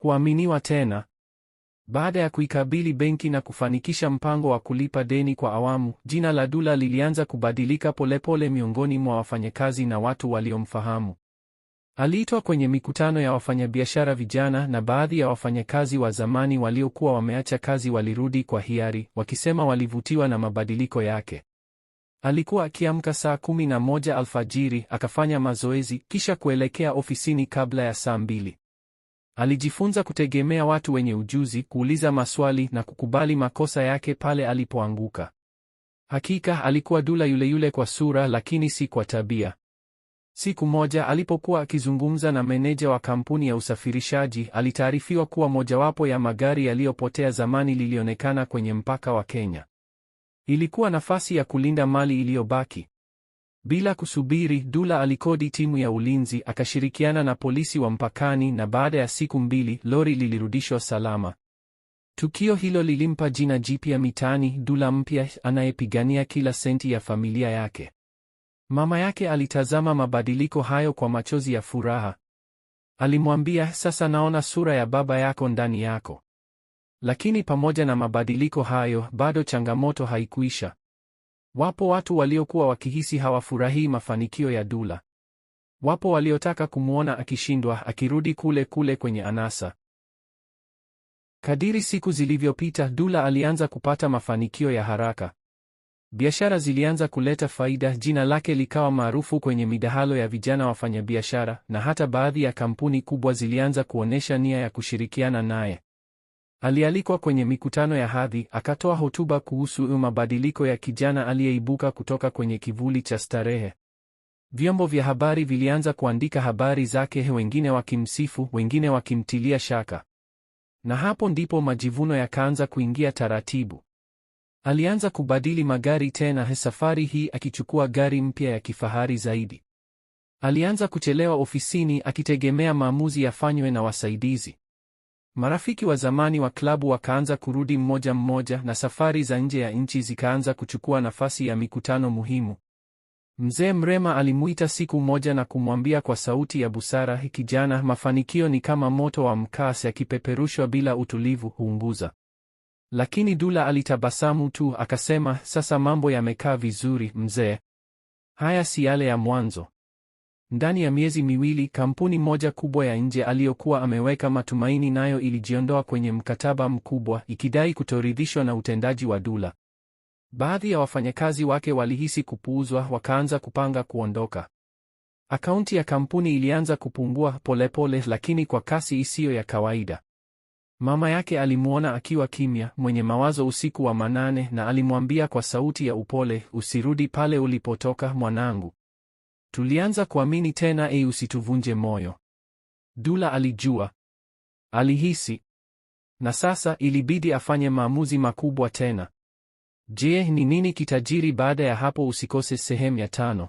Kuaminiwa tena. Baada ya kuikabili benki na kufanikisha mpango wa kulipa deni kwa awamu, jina la Dula lilianza kubadilika polepole pole miongoni mwa wafanyakazi na watu waliomfahamu. Aliitwa kwenye mikutano ya wafanyabiashara vijana na baadhi ya wafanyakazi wa zamani waliokuwa wameacha kazi walirudi kwa hiari, wakisema walivutiwa na mabadiliko yake. Alikuwa akiamka saa kumi na moja alfajiri, akafanya mazoezi, kisha kuelekea ofisini kabla ya saa mbili. Alijifunza kutegemea watu wenye ujuzi, kuuliza maswali na kukubali makosa yake pale alipoanguka. Hakika alikuwa Dula yule yule kwa sura, lakini si kwa tabia. Siku moja alipokuwa akizungumza na meneja wa kampuni ya usafirishaji, alitaarifiwa kuwa mojawapo ya magari yaliyopotea zamani lilionekana kwenye mpaka wa Kenya. Ilikuwa nafasi ya kulinda mali iliyobaki. Bila kusubiri, Dula alikodi timu ya ulinzi akashirikiana na polisi wa mpakani na baada ya siku mbili, lori lilirudishwa salama. Tukio hilo lilimpa jina jipya mitaani, Dula mpya anayepigania kila senti ya familia yake. Mama yake alitazama mabadiliko hayo kwa machozi ya furaha. Alimwambia, sasa naona sura ya baba yako ndani yako. Lakini pamoja na mabadiliko hayo, bado changamoto haikuisha. Wapo watu waliokuwa wakihisi hawafurahii mafanikio ya Dula. Wapo waliotaka kumwona akishindwa, akirudi kule kule kwenye anasa. Kadiri siku zilivyopita, Dula alianza kupata mafanikio ya haraka. Biashara zilianza kuleta faida, jina lake likawa maarufu kwenye midahalo ya vijana wafanyabiashara, na hata baadhi ya kampuni kubwa zilianza kuonesha nia ya kushirikiana naye. Alialikwa kwenye mikutano ya hadhi, akatoa hotuba kuhusu mabadiliko ya kijana aliyeibuka kutoka kwenye kivuli cha starehe. Vyombo vya habari vilianza kuandika habari zake, wengine wakimsifu, wengine wakimtilia shaka. Na hapo ndipo majivuno yakaanza kuingia taratibu. Alianza kubadili magari tena, safari hii akichukua gari mpya ya kifahari zaidi. Alianza kuchelewa ofisini akitegemea maamuzi yafanywe na wasaidizi. Marafiki wa zamani wa klabu wakaanza kurudi mmoja mmoja na safari za nje ya nchi zikaanza kuchukua nafasi ya mikutano muhimu. Mzee Mrema alimuita siku moja na kumwambia kwa sauti ya busara, kijana, mafanikio ni kama moto wa mkasi, yakipeperushwa bila utulivu huunguza. Lakini Dula alitabasamu tu akasema, sasa mambo yamekaa vizuri mzee, haya si yale ya mwanzo. Ndani ya miezi miwili kampuni moja kubwa ya nje aliyokuwa ameweka matumaini nayo ilijiondoa kwenye mkataba mkubwa ikidai kutoridhishwa na utendaji wa Dula. Baadhi ya wafanyakazi wake walihisi kupuuzwa, wakaanza kupanga kuondoka. Akaunti ya kampuni ilianza kupungua polepole pole, lakini kwa kasi isiyo ya kawaida. Mama yake alimwona akiwa kimya, mwenye mawazo usiku wa manane, na alimwambia kwa sauti ya upole, usirudi pale ulipotoka mwanangu. Tulianza kuamini tena, e, usituvunje moyo. Dula alijua, alihisi, na sasa ilibidi afanye maamuzi makubwa tena. Je, ni nini kitajiri baada ya hapo? Usikose sehemu ya tano.